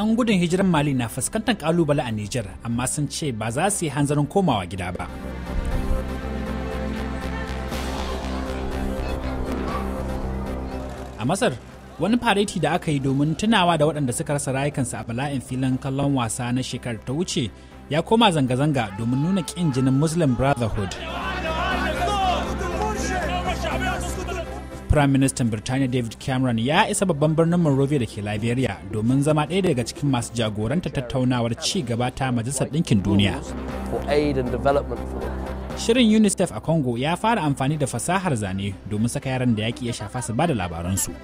'yan gudun hijirar Mali na fuskantar kalubale a Nijar, amma sun ce ba za su yi hanzarin komawa gida ba. A Masar, wani fareti da aka yi domin tunawa da waɗanda suka rasa rayukansu a bala'in filin kallon wasa na shekarar ta wuce ya koma zanga-zanga domin nuna ƙin jinin Muslim Brotherhood. Prime Minister Birtaniya David Cameron ya isa babban birnin Monrovia da ke Liberia domin zama ɗaya daga cikin masu jagoranta tattaunawar ci gaba ta Majalisar Ɗinkin Duniya. Shirin UNICEF a Congo ya fara amfani da fasahar zane domin saka yaran da yaƙi ya shafa su ba da labaransu.